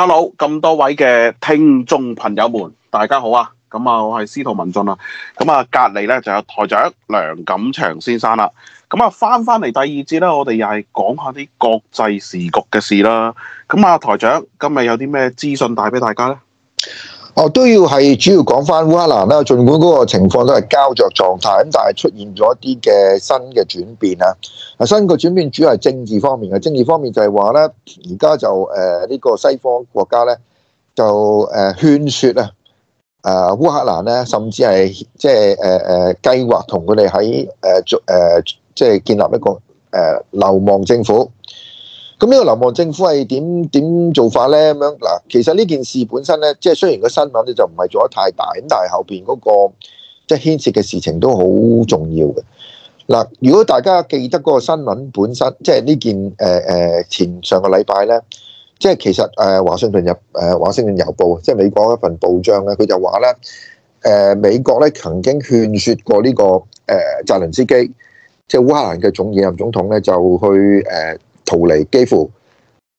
Hello，咁多位嘅聽眾朋友們，大家好啊！咁啊，我係司徒文進啊，咁啊，隔籬咧就有台長梁錦祥先生啦。咁啊，翻翻嚟第二節咧，我哋又係講下啲國際時局嘅事啦。咁啊，台長今日有啲咩資訊帶俾大家咧？哦，都要係主要講返烏克蘭啦、啊。儘管嗰個情況都係膠着狀態，咁但係出現咗一啲嘅新嘅轉變啊。啊，新嘅轉變主要係政治方面嘅，政治方面就係話咧，而家就誒呢、呃這個西方國家咧，就誒勸說啊，烏、呃、克蘭咧，甚至係即係誒誒計劃同佢哋喺誒誒，即、呃、係、呃就是、建立一個誒流亡政府。咁呢個流亡政府係點點做法呢？咁樣嗱，其實呢件事本身呢，即係雖然個新聞咧就唔係做得太大，咁但係後邊嗰個即係牽涉嘅事情都好重要嘅。嗱，如果大家記得嗰個新聞本身，即係呢件誒誒前上個禮拜呢，即係其實誒華盛頓入誒華盛頓郵報，即係美國一份報章咧，佢就話呢，誒美國咧曾經勸説過呢個誒澤倫斯基，即係烏克蘭嘅總理任總統呢，就去誒。逃離基輔，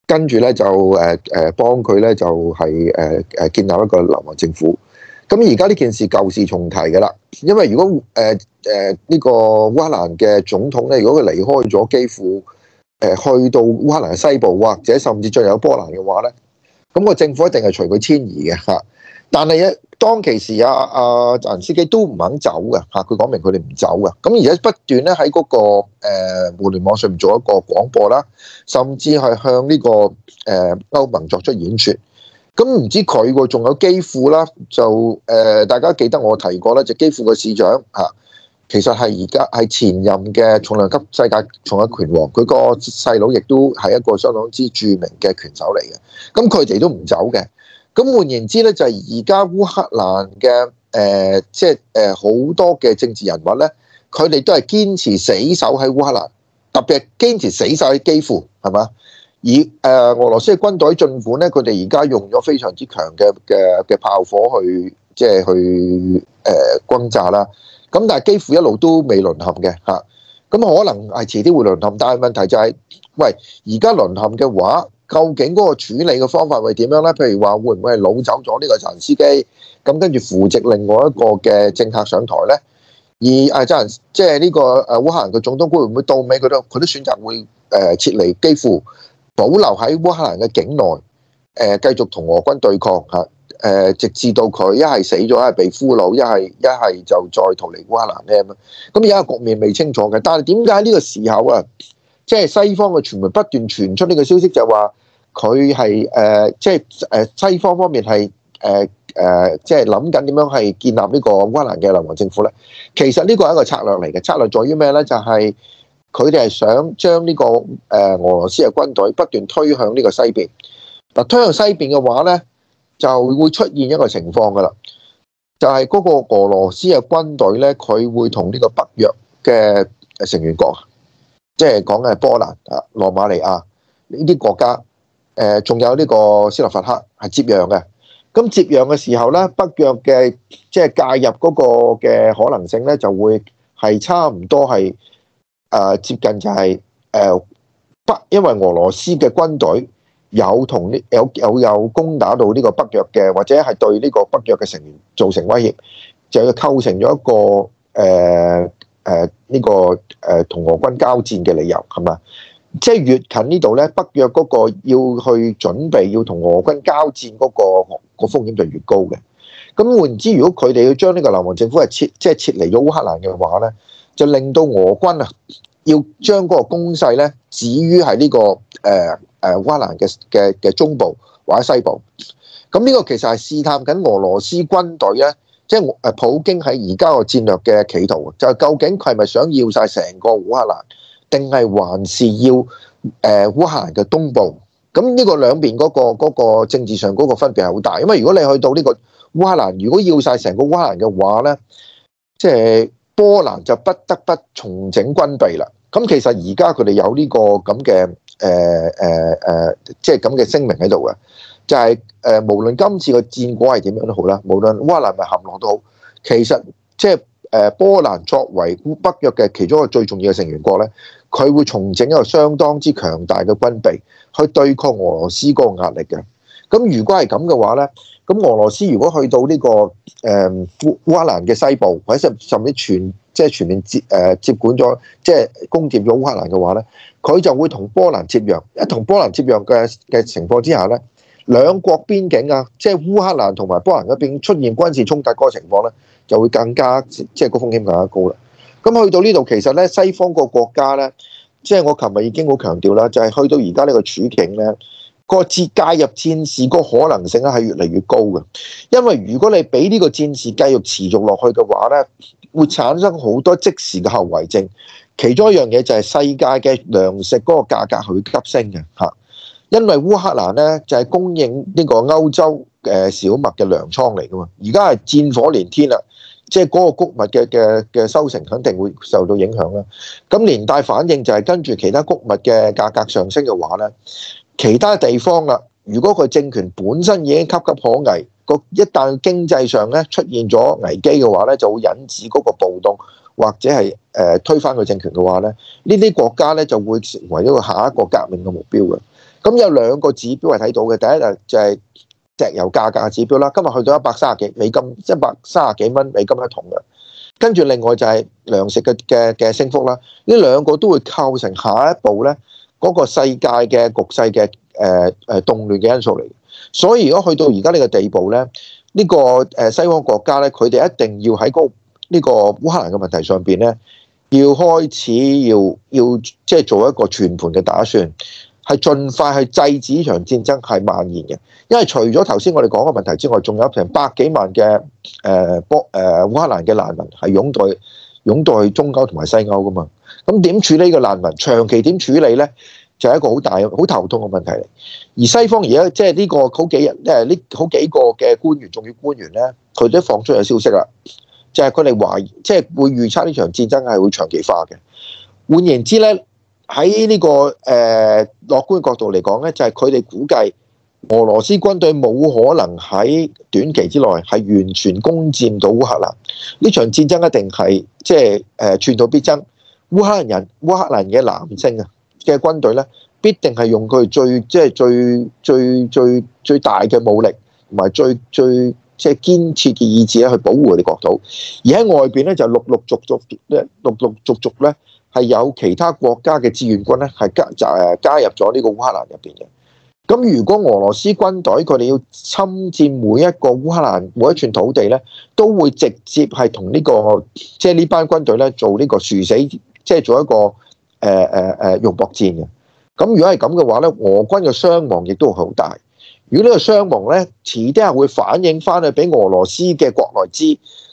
跟住咧就誒誒幫佢咧就係誒誒建立一個流亡政府。咁而家呢件事舊事重提嘅啦，因為如果誒誒呢個烏克蘭嘅總統咧，如果佢離開咗基輔，誒去到烏克蘭西部或者甚至進入波蘭嘅話咧，咁個政府一定係隨佢遷移嘅嚇。但係咧，當其時啊啊，澤連斯基都唔肯走嘅，嚇、啊、佢講明佢哋唔走嘅。咁而家不斷咧喺嗰個、呃、互聯網上面做一個廣播啦，甚至係向呢、這個誒、呃、歐盟作出演説。咁、啊、唔知佢個仲有基輔啦，就誒、啊、大家記得我提過啦，就是、基輔嘅市長嚇、啊，其實係而家係前任嘅重量級世界重量拳王，佢個細佬亦都係一個相當之著名嘅拳手嚟嘅。咁佢哋都唔走嘅。咁換言之咧，就係而家烏克蘭嘅誒，即係誒好多嘅政治人物咧，佢哋都係堅持死守喺烏克蘭，特別係堅持死守喺基輔，係嘛？而誒、呃、俄羅斯嘅軍隊儘管，咧，佢哋而家用咗非常之強嘅嘅嘅炮火去即係、就是、去誒、呃、轟炸啦。咁但係基輔一路都未淪陷嘅嚇。咁、啊、可能係遲啲會淪陷，但係問題就係、是，喂，而家淪陷嘅話。究竟嗰個處理嘅方法會點樣呢？譬如話會唔會係擄走咗呢個澤連斯基？咁跟住扶植另外一個嘅政客上台呢？而啊，即係呢個誒烏克蘭嘅總統，會唔會到尾佢都佢都選擇會誒、呃、撤離，幾乎保留喺烏克蘭嘅境內誒、呃，繼續同俄軍對抗嚇誒、呃，直至到佢一係死咗，一係被俘虜，一係一係就再逃離烏克蘭呢？咁而家局面未清楚嘅，但係點解呢個時候啊？即係西方嘅傳媒不斷傳出呢個消息，就話佢係誒，即係誒西方方面係誒誒，即係諗緊點樣係建立呢個烏克蘭嘅流亡政府咧。其實呢個係一個策略嚟嘅，策略在於咩咧？就係佢哋係想將呢個誒俄羅斯嘅軍隊不斷推向呢個西邊。嗱，推向西邊嘅話咧，就會出現一個情況噶啦，就係、是、嗰個俄羅斯嘅軍隊咧，佢會同呢個北約嘅成員國。即係講嘅係波蘭啊、羅馬尼亞呢啲國家，誒，仲有呢個斯洛伐克係接壤嘅。咁接壤嘅時候咧，北約嘅即係介入嗰個嘅可能性咧，就會係差唔多係誒接近就係誒北，因為俄羅斯嘅軍隊有同啲有有有攻打到呢個北約嘅，或者係對呢個北約嘅成員造成威脅，就要構成咗一個誒。誒呢個誒同俄軍交戰嘅理由係嘛？即係越近呢度咧，北約嗰個要去準備要同俄軍交戰嗰、嗰個個風險就越高嘅。咁換言之，如果佢哋要將呢個流亡政府係撤，即係撤離咗烏克蘭嘅話咧，就令到俄軍啊要將嗰個攻勢咧止於係呢、呢個誒誒、呃呃、烏克蘭嘅嘅嘅中部或者西部。咁呢個其實係試探緊俄羅斯軍隊咧。即係誒，普京喺而家個戰略嘅企圖，就係究竟佢係咪想要晒成個烏克蘭，定係還是要誒烏克蘭嘅東部？咁呢個兩邊嗰個嗰個政治上嗰個分別係好大。因為如果你去到呢個烏克蘭，如果要晒成個烏克蘭嘅話咧，即係波蘭就不得不重整軍備啦。咁其實而家佢哋有呢個咁嘅誒誒誒，即係咁嘅聲明喺度嘅。就係、是、誒、呃，無論今次個戰果係點樣都好啦，無論烏克蘭係咪陷落都好，其實即係誒，波蘭作為北約嘅其中一個最重要嘅成員國咧，佢會重整一個相當之強大嘅軍備去對抗俄羅斯個壓力嘅。咁如果係咁嘅話咧，咁俄羅斯如果去到呢、這個誒、呃、烏克蘭嘅西部，或者甚至全即係、就是、全面接誒、呃、接管咗即係攻佔咗烏克蘭嘅話咧，佢就會同波蘭接壤。一同波蘭接壤嘅嘅情況之下咧。兩國邊境啊，即係烏克蘭同埋波蘭嗰邊出現軍事衝突嗰個情況呢，就會更加即係個風險更加高啦。咁去到呢度，其實呢西方個國家呢，即係我琴日已經好強調啦，就係、是、去到而家呢個處境呢，各自介入戰事個可能性咧係越嚟越高嘅，因為如果你俾呢個戰事繼續持續落去嘅話呢，會產生好多即時嘅後遺症，其中一樣嘢就係世界嘅糧食嗰個價格係會急升嘅嚇。因為烏克蘭咧就係、是、供應呢個歐洲嘅小麥嘅糧倉嚟噶嘛，而家係戰火連天啦，即係嗰個谷物嘅嘅嘅收成肯定會受到影響啦。咁連帶反應就係、是、跟住其他谷物嘅價格上升嘅話咧，其他地方啦，如果佢政權本身已經岌岌可危，個一旦經濟上咧出現咗危機嘅話咧，就會引致嗰個暴動或者係誒、呃、推翻佢政權嘅話咧，呢啲國家咧就會成為一個下一個革命嘅目標嘅。咁有兩個指標係睇到嘅，第一就係石油價格嘅指標啦，今日去到一百三十幾美金，一百三十幾蚊美金一桶嘅。跟住另外就係糧食嘅嘅嘅升幅啦，呢兩個都會構成下一步咧嗰個世界嘅局勢嘅誒誒動亂嘅因素嚟。所以如果去到而家呢個地步咧，呢個誒西方國家咧，佢哋一定要喺嗰呢個烏克蘭嘅問題上邊咧，要開始要要即係做一個全盤嘅打算，係盡快去制止呢場戰爭係蔓延嘅，因為除咗頭先我哋講嘅問題之外，仲有成百幾萬嘅誒波誒烏克蘭嘅難民係湧到湧到中歐同埋西歐噶嘛，咁點處理呢個難民？長期點處理呢？就係、是、一個好大好頭痛嘅問題嚟。而西方而家即係呢個好幾日誒呢好幾個嘅官員重要官員呢，佢都放出嘅消息啦，就係佢哋懷疑即係、就是、會預測呢場戰爭係會長期化嘅。換言之呢。喺呢個誒樂觀角度嚟講呢，就係佢哋估計俄羅斯軍隊冇可能喺短期之內係完全攻佔到烏克蘭。呢場戰爭一定係即係誒寸土必爭。烏克蘭人，烏克蘭嘅男性啊嘅軍隊呢，必定係用佢最即係最最最最大嘅武力同埋最最即係堅持嘅意志咧，去保護佢哋國土。而喺外邊呢，就陸陸續續咧陸陸續續咧。陸陸續續呢係有其他國家嘅志願軍咧，係加就誒、呃、加入咗呢個烏克蘭入邊嘅。咁如果俄羅斯軍隊佢哋要侵佔每一個烏克蘭每一寸土地咧，都會直接係同呢個即係呢班軍隊咧做呢個殊死即係、就是、做一個誒誒誒肉搏戰嘅。咁如果係咁嘅話咧，俄軍嘅傷亡亦都好大。如果呢個傷亡咧，遲啲係會反映翻去俾俄羅斯嘅國內知，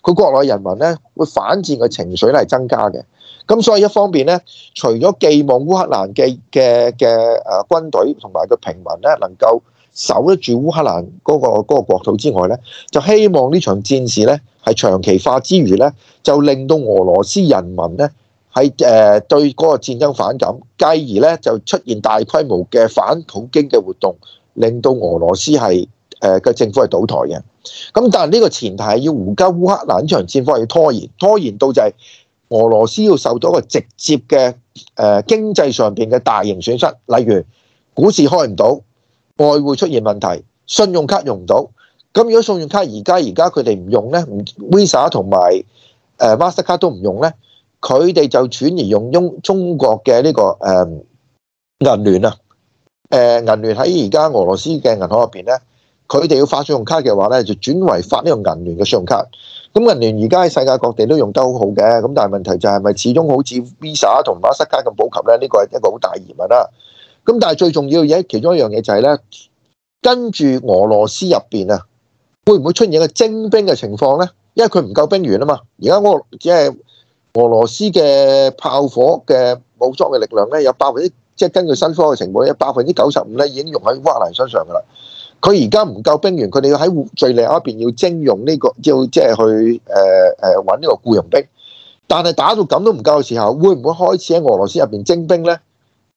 佢國內人民咧會反戰嘅情緒嚟增加嘅。咁所以一方面咧，除咗寄望烏克蘭嘅嘅嘅誒軍隊同埋個平民咧，能夠守得住烏克蘭嗰個嗰個國土之外咧，就希望呢場戰事咧係長期化之餘咧，就令到俄羅斯人民咧係誒對嗰個戰爭反感，繼而咧就出現大規模嘅反普京嘅活動，令到俄羅斯係誒嘅政府係倒台嘅。咁但係呢個前提係要胡加烏克蘭呢場戰況要拖延，拖延到就係、是。俄羅斯要受到一個直接嘅誒、呃、經濟上邊嘅大型損失，例如股市開唔到，外匯出現問題，信用卡用唔到。咁如果信用卡而家而家佢哋唔用呢 Visa 同埋誒 Master 卡都唔用呢？佢哋就轉而用中中國嘅呢、呢個誒、呃、銀聯啊。誒、呃、銀聯喺而家俄羅斯嘅銀行入邊呢，佢哋要發信用卡嘅話呢，就轉為發呢個銀聯嘅信用卡。咁銀聯而家喺世界各地都用得好好嘅，咁但係問題就係咪始終好似 Visa 同 Mastercard 咁普及咧？呢個係一個好大疑問啦。咁但係最重要嘅嘢其中一樣嘢就係咧，跟住俄羅斯入邊啊，會唔會出現個徵兵嘅情況咧？因為佢唔夠兵員啊嘛。而家俄即係俄羅斯嘅炮火嘅武裝嘅力量咧，有百分之即係根據新科嘅情況，有百分之九十五咧已經用喺烏克蘭身上噶啦。佢而家唔夠兵員，佢哋要喺敍利亞嗰邊要徵用呢個，要即係去誒誒揾呢個僱傭兵。但係打到咁都唔夠嘅時候，會唔會開始喺俄羅斯入邊徵兵咧？誒、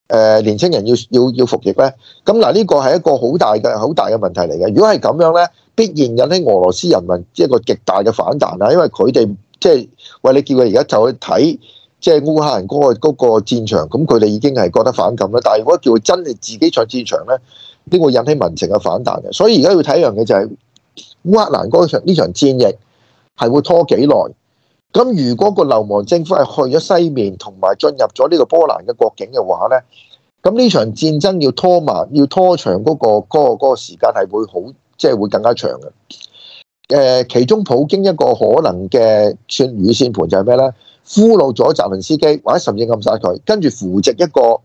呃，年青人要要要服役咧？咁、嗯、嗱，呢個係一個好大嘅好大嘅問題嚟嘅。如果係咁樣咧，必然引起俄羅斯人民一個極大嘅反彈啦。因為佢哋即係喂你叫佢而家就去睇，即係烏克蘭嗰個嗰個戰場，咁佢哋已經係覺得反感啦。但係如果叫佢真係自己上戰場咧？呢會引起民情嘅反彈嘅，所以而家要睇一樣嘅就係烏克蘭嗰場呢場戰役係會拖幾耐？咁如果個流亡政府係去咗西面同埋進入咗呢個波蘭嘅國境嘅話呢，咁呢場戰爭要拖慢、要拖長嗰個嗰個嗰個時間係會好即係會更加長嘅。誒，其中普京一個可能嘅串雨線盤就係咩呢？俘虜咗澤連斯基，或者甚至暗殺佢，跟住扶植一個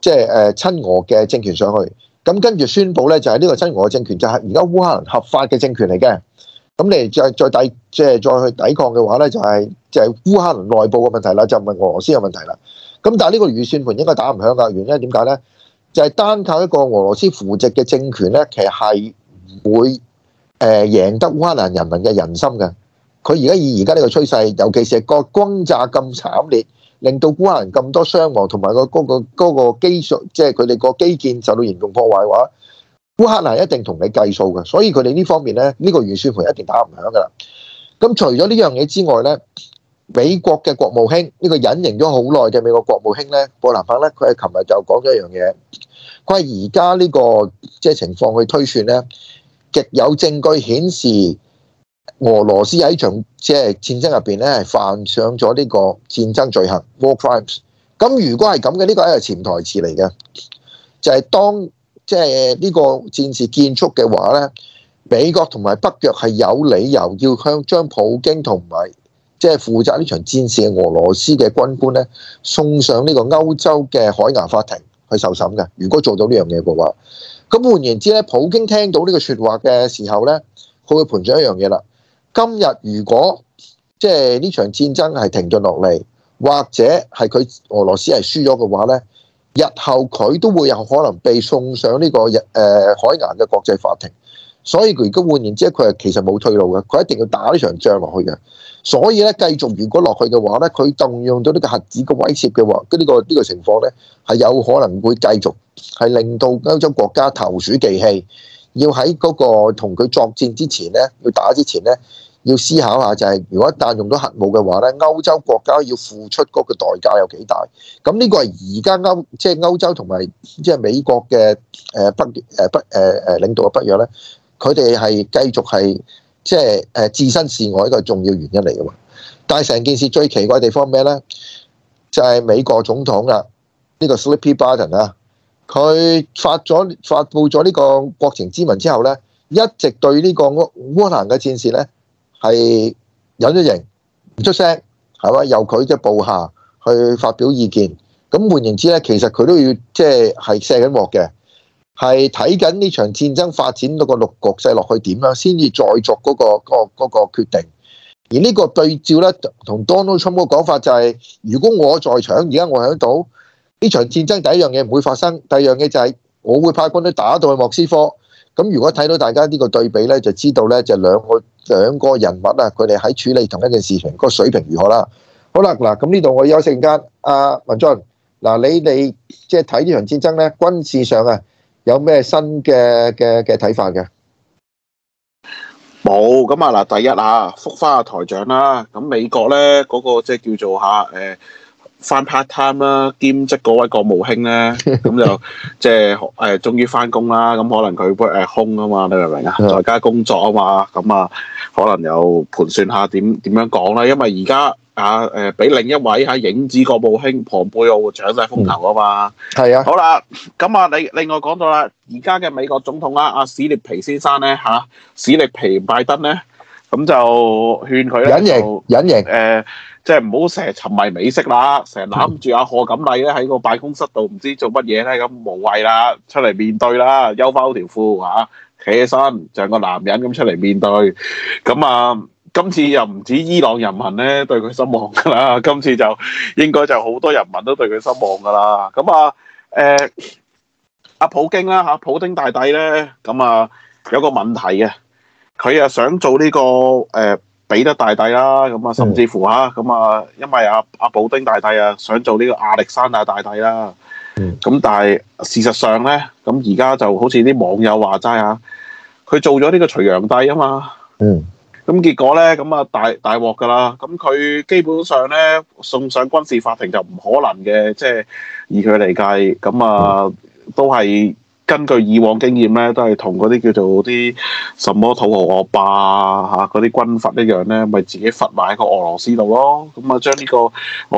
即係誒親俄嘅政權上去。咁跟住宣佈咧，就係、是、呢個親俄政權，就係而家烏克蘭合法嘅政權嚟嘅。咁你再再抵即係再去抵抗嘅話咧，就係、是、就係、是、烏克蘭內部嘅問題啦，就唔、是、係俄羅斯嘅問題啦。咁但係呢個預算盤應該打唔響噶，原因點解咧？就係、是、單靠一個俄羅斯扶植嘅政權咧，其實係唔會誒贏、呃、得烏克蘭人民嘅人心嘅。佢而家以而家呢個趨勢，尤其是個轟炸咁慘烈。令到烏克蘭咁多傷亡，同埋個嗰個嗰個基礎，即係佢哋個基建受到嚴重破壞嘅話，烏克蘭一定同你計數嘅，所以佢哋呢方面咧，呢個預算盤一定打唔響噶啦。咁除咗呢樣嘢之外咧，美國嘅國務卿呢個隱形咗好耐嘅美國國務卿咧，布林肯咧，佢係琴日就講咗一樣嘢，佢而家呢個即係情況去推算咧，極有證據顯示。俄羅斯喺場即係戰爭入邊咧，犯上咗呢個戰爭罪行 （war crimes）。咁如果係咁嘅，呢個係一個潛台詞嚟嘅，就係、是、當即係呢個戰事結束嘅話咧，美國同埋北約係有理由要向將普京同埋即係負責呢場戰事嘅俄羅斯嘅軍官咧，送上呢個歐洲嘅海牙法庭去受審嘅。如果做到呢樣嘢嘅話，咁換言之咧，普京聽到呢個說話嘅時候咧，佢會盤上一樣嘢啦。今日如果即係呢場戰爭係停頓落嚟，或者係佢俄羅斯係輸咗嘅話咧，日後佢都會有可能被送上呢、這個日誒、呃、海牙嘅國際法庭。所以佢而家換言之，佢係其實冇退路嘅，佢一定要打呢場仗落去嘅。所以咧，繼續如果落去嘅話咧，佢動用到呢個核子嘅威懾嘅話，跟、這、呢個呢、這個情況咧係有可能會繼續，係令到歐洲國家投鼠忌器。要喺嗰個同佢作戰之前呢，要打之前呢，要思考下就係、是，如果一旦用到核武嘅話呢，歐洲國家要付出嗰個代價有幾大？咁呢個係而家歐即係、就是、歐洲同埋即係美國嘅誒北誒北誒誒、呃、領導嘅北約呢，佢哋係繼續係即係誒置身事外一個重要原因嚟嘅嘛。但係成件事最奇怪嘅地方咩呢？就係、是、美國總統啊，呢、這個 Sleepy b u r t o n 啊。佢發咗發佈咗呢個國情咨文之後呢一直對呢個烏克蘭嘅戰事呢係隱隱形唔出聲，係嘛？由佢嘅部下去發表意見。咁換言之呢其實佢都要即係係卸緊鑊嘅，係睇緊呢場戰爭發展到個六局勢落去點啦，先至再作嗰個嗰個嗰個決定。而呢個對照呢，同 Donald Trump 嘅講法就係：如果我在場，而家我喺度。呢場戰爭第一樣嘢唔會發生，第二樣嘢就係我會派軍隊打到去莫斯科。咁如果睇到大家呢個對比咧，就知道咧就兩個兩個人物啊，佢哋喺處理同一件事情個水平如何啦。好啦，嗱，咁呢度我休息一陣間，阿文進，嗱你哋即係睇呢場戰爭咧，軍事上啊有咩新嘅嘅嘅睇法嘅？冇咁啊嗱，第一啊，復翻阿台長啦。咁美國咧嗰個即係叫做吓誒。翻 part time 啦，兼職嗰位國務卿咧，咁就即係誒，終於翻工啦。咁、呃、可能佢 work at home 啊嘛，你明唔明啊？在家工作啊嘛，咁啊，可能又盤算下點點樣講啦。因為而家啊誒，俾、呃、另一位喺、啊、影子國務卿蓬佩奧搶晒風頭啊嘛。係、嗯、啊，好啦，咁啊，你另外講到啦，而家嘅美國總統啦，阿、啊、史力皮先生咧吓、啊，史力皮拜登咧。咁就勸佢咧，隱形隱形，誒，即係唔好成日沉迷美色啦，成日攬住阿賀錦麗咧喺個辦公室度唔知做乜嘢咧，咁無謂啦，出嚟面對啦，休翻好條褲嚇，企起身像個男人咁出嚟面對。咁啊，今次又唔止伊朗人民咧對佢失望㗎啦，今次就應該就好多人民都對佢失望㗎啦。咁啊，誒，阿普京啦嚇，普京大帝咧，咁啊有個問題嘅。佢啊想做呢、這個誒彼得大帝啦，咁啊甚至乎啊咁啊，因為阿阿布丁大帝啊想做呢個亞歷山大大帝啦。咁、嗯、但係事實上呢，咁而家就好似啲網友話齋啊，佢做咗呢個隋煬帝啊嘛，咁、嗯、結果呢，咁啊大大鑊㗎啦，咁佢基本上呢，送上軍事法庭就唔可能嘅，即係以佢嚟計，咁啊都係。根據以往經驗咧，都係同嗰啲叫做啲什麼土豪惡霸啊嗰啲、啊、軍閥一樣咧，咪自己罰埋喺個俄羅斯度咯。咁、嗯、啊，將呢個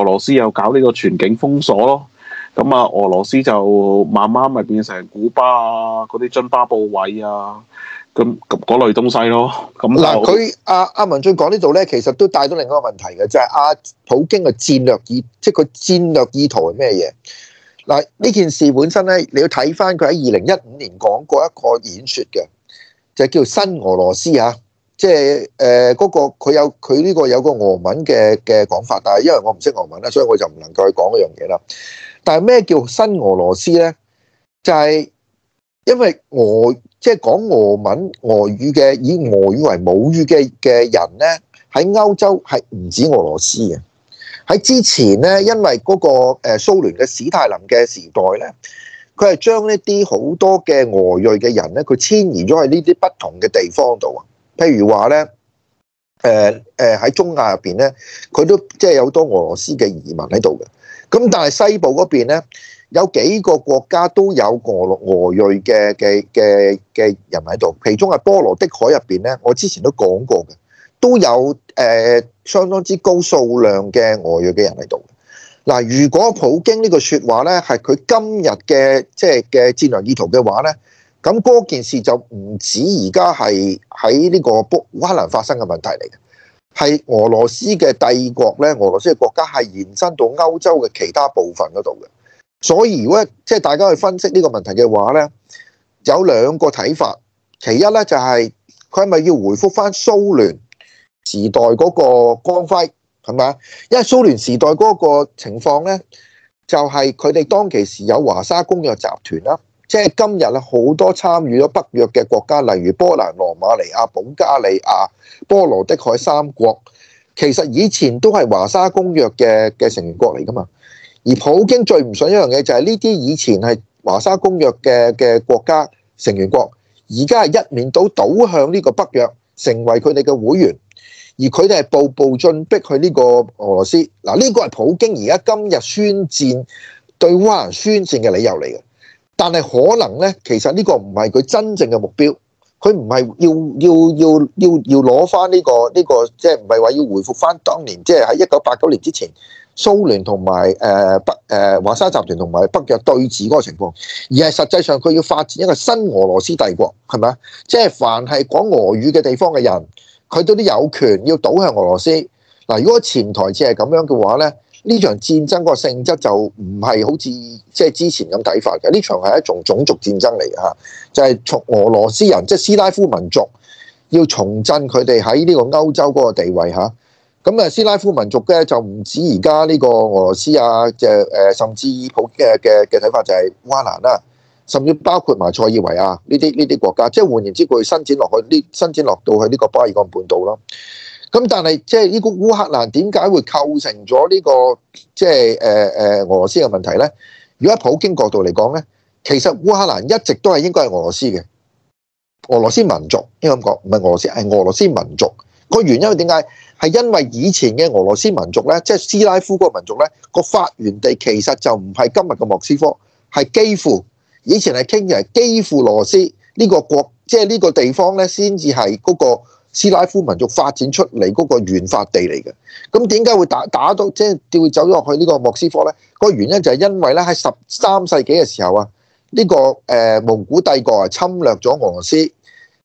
俄羅斯又搞呢個全境封鎖咯。咁、嗯、啊，俄羅斯就慢慢咪變成古巴啊，嗰啲津巴布韋啊，咁嗰類東西咯。咁、嗯、嗱，佢阿阿文進講呢度咧，其實都帶到另外一個問題嘅，就係、是、阿、啊、普京嘅戰略意，即係佢戰略意圖係咩嘢？嗱，呢件事本身咧，你要睇翻佢喺二零一五年講過一個演說嘅，就叫新俄羅斯嚇，啊，即係誒嗰個佢有佢呢個有個俄文嘅嘅講法，但係因為我唔識俄文啦，所以我就唔能夠去講嗰樣嘢啦。但係咩叫新俄羅斯呢？就係、是、因為俄即係講俄文俄語嘅，以俄語為母語嘅嘅人呢，喺歐洲係唔止俄羅斯嘅。喺之前呢，因為嗰個誒蘇聯嘅史泰林嘅時代呢，佢係將一啲好多嘅俄裔嘅人呢，佢遷移咗去呢啲不同嘅地方度啊。譬如話呢，誒誒喺中亞入邊呢，佢都即係有好多俄羅斯嘅移民喺度嘅。咁但係西部嗰邊呢，有幾個國家都有俄羅俄裔嘅嘅嘅嘅人喺度。其中係，波羅的海入邊呢。我之前都講過嘅。都有誒、呃、相當之高數量嘅外裔嘅人喺度。嗱，如果普京個說呢個説話咧，係佢今日嘅即係嘅戰略意圖嘅話呢，咁嗰、那個、件事就唔止而家係喺呢個烏克蘭發生嘅問題嚟嘅，係俄羅斯嘅帝國咧，俄羅斯嘅國家係延伸到歐洲嘅其他部分嗰度嘅。所以如果即係、就是、大家去分析呢個問題嘅話呢，有兩個睇法。其一呢就係佢係咪要回覆翻蘇聯？時代嗰個光輝係嘛？因為蘇聯時代嗰個情況呢，就係佢哋當其時有華沙公約集團啦。即係今日啊，好多參與咗北約嘅國家，例如波蘭、羅馬尼亞、保加利亞、波羅的海三國，其實以前都係華沙公約嘅嘅成員國嚟噶嘛。而普京最唔想一樣嘢就係呢啲以前係華沙公約嘅嘅國家成員國，而家係一面倒倒向呢個北約，成為佢哋嘅會員。而佢哋係步步進逼去呢個俄羅斯嗱，呢個係普京而家今日宣戰對烏克蘭宣戰嘅理由嚟嘅。但係可能呢，其實呢個唔係佢真正嘅目標，佢唔係要要要要要攞翻呢個呢個，即係唔係話要回復翻當年即係喺一九八九年之前蘇聯同埋誒北誒華沙集團同埋北約對峙嗰個情況，而係實際上佢要發展一個新俄羅斯帝國，係咪啊？即係凡係講俄語嘅地方嘅人。佢都啲有權要倒向俄羅斯嗱，如果潛台詞係咁樣嘅話咧，呢場戰爭個性質就唔係好似即係之前咁睇法嘅，呢場係一種種族戰爭嚟嘅嚇，就係、是、從俄羅斯人即係、就是、斯拉夫民族要重振佢哋喺呢個歐洲嗰個地位嚇，咁啊斯拉夫民族咧就唔止而家呢個俄羅斯啊，即係誒甚至普嘅嘅嘅睇法就係烏克蘭啦、啊。甚至包括埋塞爾維亞呢啲呢啲國家，即係換言之，佢伸展落去呢，伸展落到去呢個巴爾幹半島咯。咁但係即係呢個烏克蘭點解會構成咗呢個即係誒誒俄羅斯嘅問題呢？如果喺普京角度嚟講呢，其實烏克蘭一直都係應該係俄羅斯嘅俄羅斯民族，應該咁講唔係俄羅斯，係俄羅斯民族。個原因點解係因為以前嘅俄羅斯民族呢，即係斯拉夫個民族呢個發源地其實就唔係今日嘅莫斯科，係幾乎。以前係傾嘅係基輔羅斯呢個國，即係呢個地方呢，先至係嗰個斯拉夫民族發展出嚟嗰個原發地嚟嘅。咁點解會打打到即係調走咗去呢個莫斯科呢？個原因就係因為呢，喺十三世紀嘅時候啊，呢個誒、呃、蒙古帝國係侵略咗俄羅斯，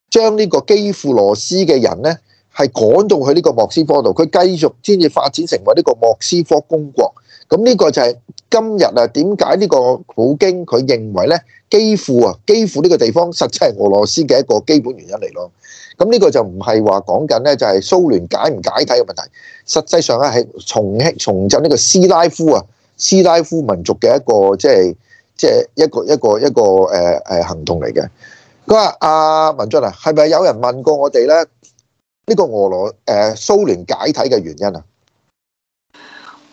將呢個基輔羅斯嘅人呢，係趕到去呢個莫斯科度，佢繼續先至發展成為呢個莫斯科公國。咁呢個就係今日啊，點解呢個普京佢認為咧，基輔啊，基輔呢個地方實際係俄羅斯嘅一個基本原因嚟咯。咁呢個就唔係話講緊呢，就係蘇聯解唔解體嘅問題。實際上咧，係重興重振呢個斯拉夫啊，斯拉夫民族嘅一個即係即係一個一個一個誒誒行動嚟嘅。佢話阿文俊啊，係咪有人問過我哋咧？呢、呢個俄羅誒、呃、蘇聯解體嘅原因啊？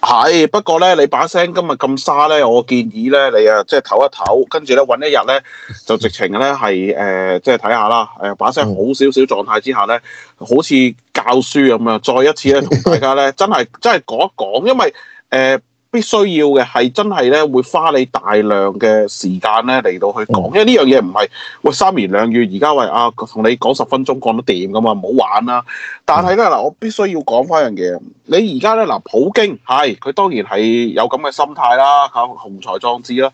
係，不過咧，你把聲今日咁沙咧，我建議咧，你啊，即係唞一唞，跟住咧，揾一日咧，就直情咧係誒，即係睇下啦，誒、呃就是呃、把聲好少少狀態之下咧，好似教書咁樣，再一次咧，同大家咧，真係真係講一講，因為誒。呃必須要嘅，係真係咧，會花你大量嘅時間咧嚟到去講，因為呢樣嘢唔係喂三言兩語，而家喂啊，同你講十分鐘講得掂噶嘛，唔好玩啦。但係咧嗱，我必須要講翻樣嘢。你而家咧嗱，普京係佢當然係有咁嘅心態啦，靠雄才壯志啦。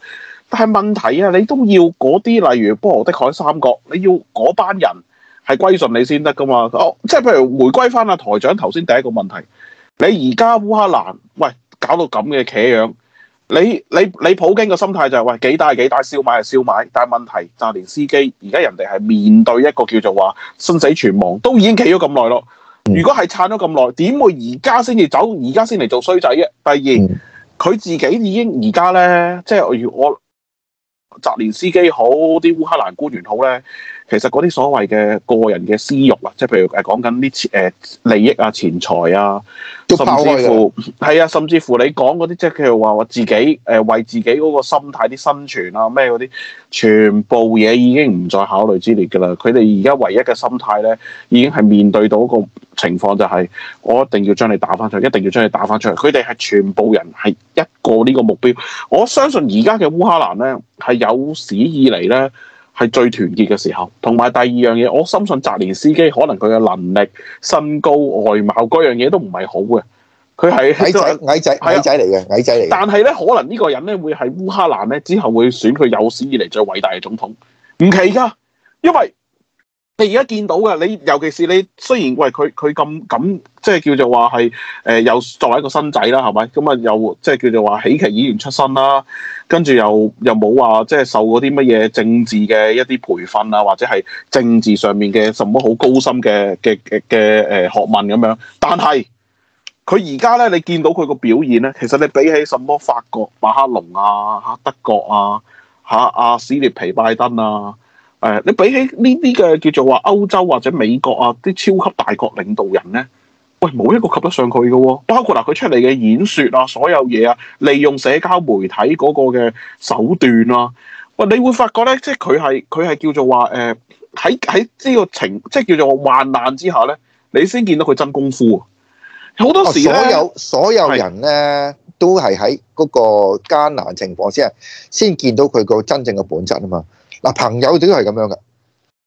但係問題啊，你都要嗰啲例如波羅的海三國，你要嗰班人係歸順你先得噶嘛。哦，即係譬如回歸翻阿台長頭先第一個問題，你而家烏克蘭喂？搞到咁嘅茄樣，你你你普京嘅心態就係、是、話幾大幾大燒賣係燒賣，但係問題澤連斯基而家人哋係面對一個叫做話生死存亡，都已經企咗咁耐咯。如果係撐咗咁耐，點會而家先至走，而家先嚟做衰仔啫？第二，佢自己已經而家咧，即係如我澤連斯基好，啲烏克蘭官員好咧。其實嗰啲所謂嘅個人嘅私欲，啊，即係譬如誒講緊啲誒利益啊、錢財啊，甚至乎係啊，甚至乎你講嗰啲，即係譬如話我自己誒、呃、為自己嗰個心態啲生存啊咩嗰啲，全部嘢已經唔再考慮之列㗎啦。佢哋而家唯一嘅心態咧，已經係面對到嗰個情況，就是，就係我一定要將你打返出去，一定要將你打返出去。佢哋係全部人係一個呢個目標。我相信而家嘅烏克蘭咧，係有史以來咧。係最團結嘅時候，同埋第二樣嘢，我深信澤連斯基可能佢嘅能力、身高、外貌嗰樣嘢都唔係好嘅，佢係矮仔、矮仔、矮仔嚟嘅、矮仔嚟，仔但係咧，可能呢個人咧會係烏克蘭咧之後會選佢有史以來最偉大嘅總統，唔奇㗎，因為。你而家見到嘅，你尤其是你，雖然喂佢佢咁咁，即係叫做話係誒，又作為一個新仔啦，係咪咁啊？又即係叫做話喜劇演員出身啦，跟住又又冇話即係受嗰啲乜嘢政治嘅一啲培訓啊，或者係政治上面嘅什麼好高深嘅嘅嘅嘅誒學問咁樣，但係佢而家咧，你見到佢個表現咧，其實你比起什麼法國馬克龍啊、德國啊、吓、啊、阿、啊、史列皮拜登啊。誒，你比起呢啲嘅叫做話歐洲或者美國啊啲超級大國領導人咧，喂，冇一個及得上佢嘅，包括嗱佢出嚟嘅演說啊，所有嘢啊，利用社交媒體嗰個嘅手段啦、啊，喂，你會發覺咧，即係佢係佢係叫做話誒，喺喺呢個情，即係叫做患難之下咧，你先見到佢真功夫。好多時所有所有人咧是都係喺嗰個艱難情況之下先見到佢個真正嘅本質啊嘛。嗱，朋友亦都係咁樣嘅。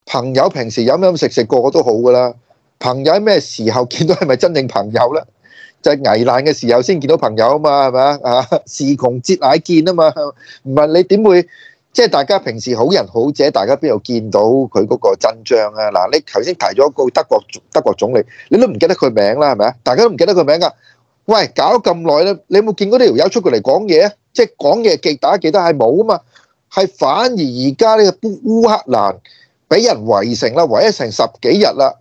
朋友平時飲飲食食個個都好噶啦。朋友喺咩時候見到係咪真正朋友咧？就係危難嘅時候先見到朋友啊嘛，係咪啊？啊，時窮節乃見啊嘛。唔係，你點會？即係大家平時好人好者，大家邊度見到佢嗰個真章啊？嗱，你頭先提咗個德國總德國總理，你都唔記得佢名啦，係咪啊？大家都唔記得佢名噶。喂，搞咁耐咧，你有冇見嗰條友出過嚟講嘢？即係講嘢，記得大家記得係冇啊嘛。係反而而家呢個烏克蘭俾人圍城啦，圍咗成十幾日啦。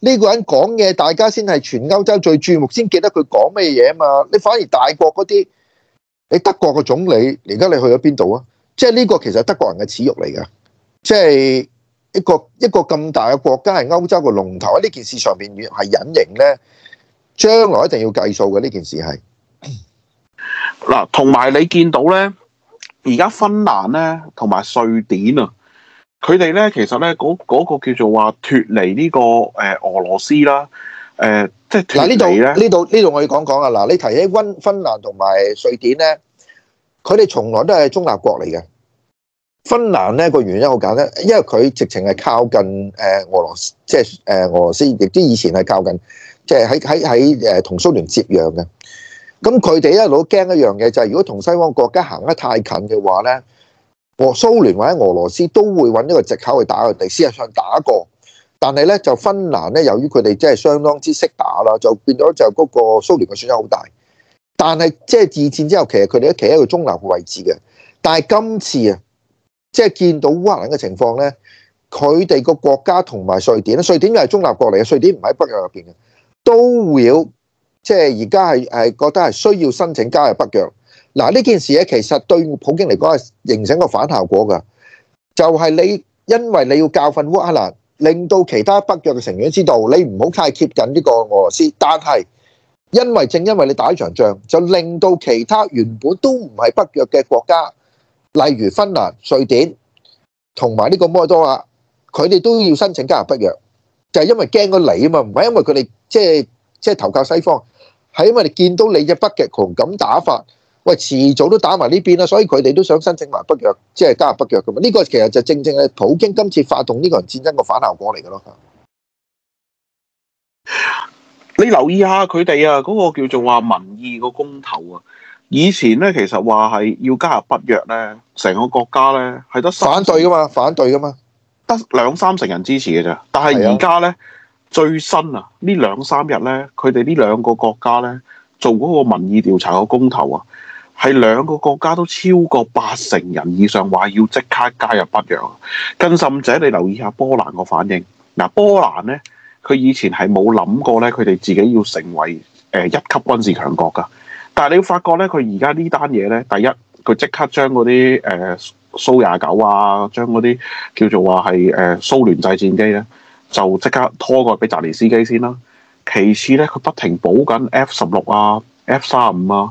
呢個人講嘢，大家先係全歐洲最注目，先記得佢講咩嘢啊嘛。你反而大國嗰啲，你德國個總理而家你去咗邊度啊？即係呢個其實德國人嘅恥辱嚟㗎。即係一個一個咁大嘅國家係歐洲嘅龍頭，呢件事上邊越係隱形呢，將來一定要計數嘅呢件事係。嗱，同埋你見到呢。而家芬蘭咧，同埋瑞典啊，佢哋咧，其實咧，嗰、嗰個叫做話脫離呢個誒俄羅斯啦，誒、呃、即係嗱呢度呢度呢度我要講講啊！嗱，你提起芬芬蘭同埋瑞典咧，佢哋從來都係中立國嚟嘅。芬蘭咧，個原因好簡單，因為佢直情係靠近誒俄羅斯，即係誒俄羅斯，亦都以前係靠近，即係喺喺喺誒同蘇聯接壤嘅。咁佢哋一路驚一樣嘢就係，如果同西方國家行得太近嘅話呢，和蘇聯或者俄羅斯都會揾一個藉口去打佢哋。事實上打過，但係呢就芬蘭呢，由於佢哋真係相當之識打啦，就變咗就嗰個蘇聯嘅損失好大。但係即係戰爭之後，其實佢哋都企喺個中立位置嘅。但係今次啊，即係見到烏克蘭嘅情況呢，佢哋個國家同埋瑞典，瑞典又係中立國嚟嘅，瑞典唔喺北約入邊嘅，都會。即係而家係係覺得係需要申請加入北約。嗱呢件事咧，其實對普京嚟講係形成個反效果噶。就係你因為你要教訓烏克蘭，令到其他北約嘅成員知道你唔好太貼近呢個俄羅斯。但係因為正因為你打一場仗，就令到其他原本都唔係北約嘅國家，例如芬蘭、瑞典同埋呢個摩多亞，佢哋都要申請加入北約，就係因為驚個你啊嘛，唔係因為佢哋即係即係投靠西方。係因為你見到你嘅北極熊咁打法，喂，遲早都打埋呢邊啦，所以佢哋都想申請埋北約，即係加入北約噶嘛？呢個其實就正正係普京今次發動呢個人戰爭個反效果嚟嘅咯。你留意下佢哋啊，嗰個叫做話民意個公投啊，以前咧其實話係要加入北約咧，成個國家咧係得反對噶嘛，反對噶嘛，得兩三成人支持嘅咋，但係而家咧。最新啊，呢兩三日呢，佢哋呢兩個國家呢，做嗰個民意調查嘅公投啊，係兩個國家都超過八成人以上話要即刻加入北約。更甚者，你留意下波蘭個反應。嗱，波蘭呢，佢以前係冇諗過呢，佢哋自己要成為誒、呃、一級軍事強國㗎。但係你會發覺呢，佢而家呢單嘢呢，第一佢即刻將嗰啲誒蘇廿九啊，將嗰啲叫做話係誒蘇聯製戰機呢。就即刻拖過俾澤連斯基先啦。其次咧，佢不停補緊 F 十六啊、F 三五啊。